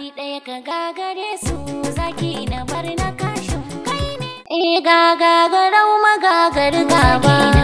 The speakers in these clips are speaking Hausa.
bai ɗaya ka gagare su zaki na bar na kashin kai ne. ga eh, gagagarau magagar gaba.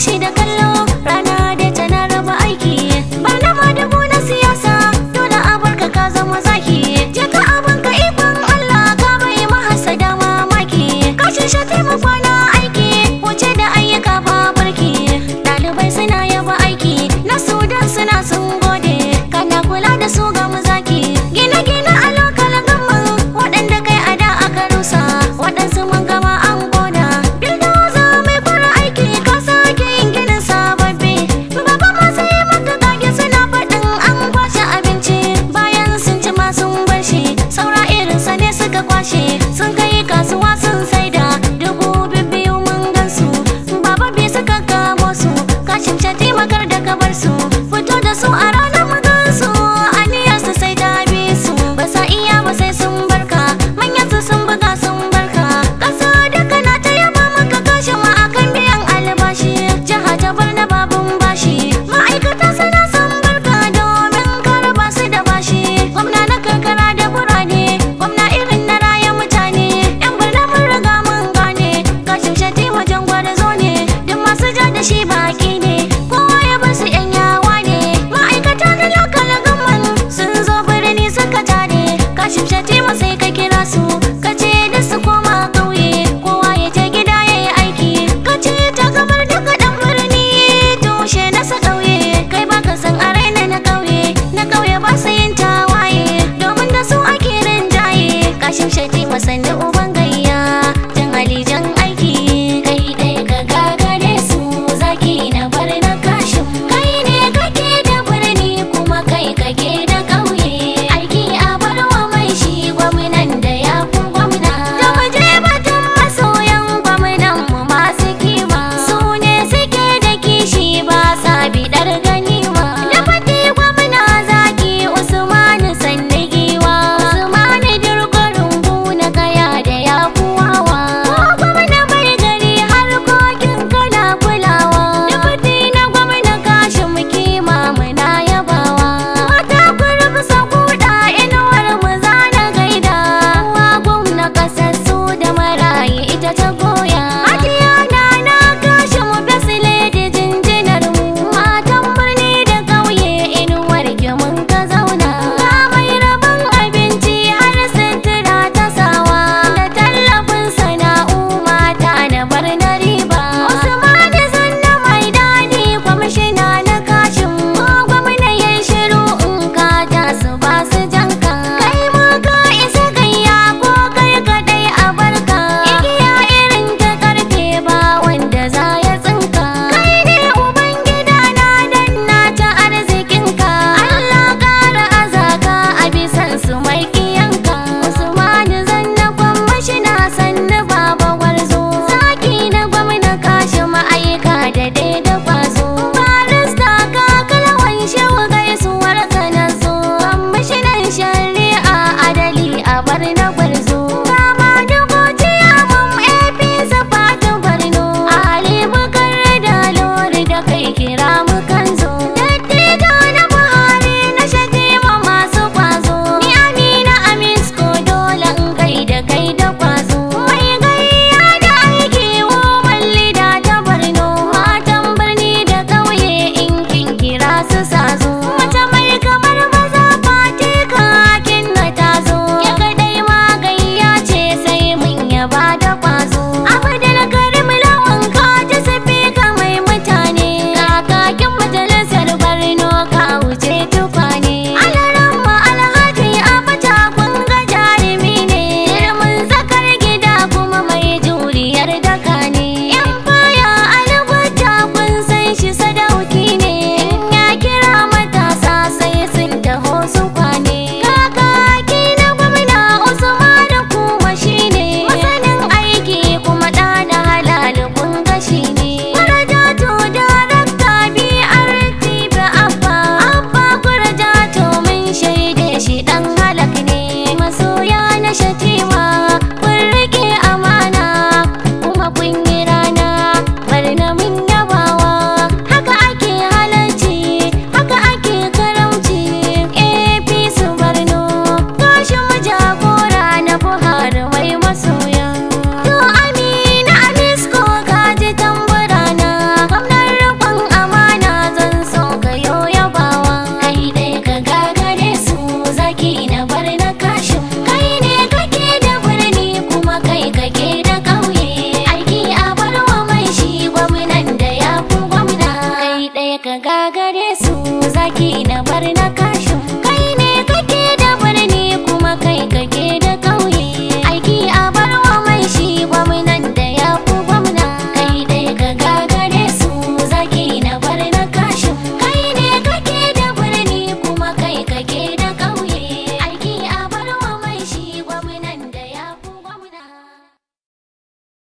しだか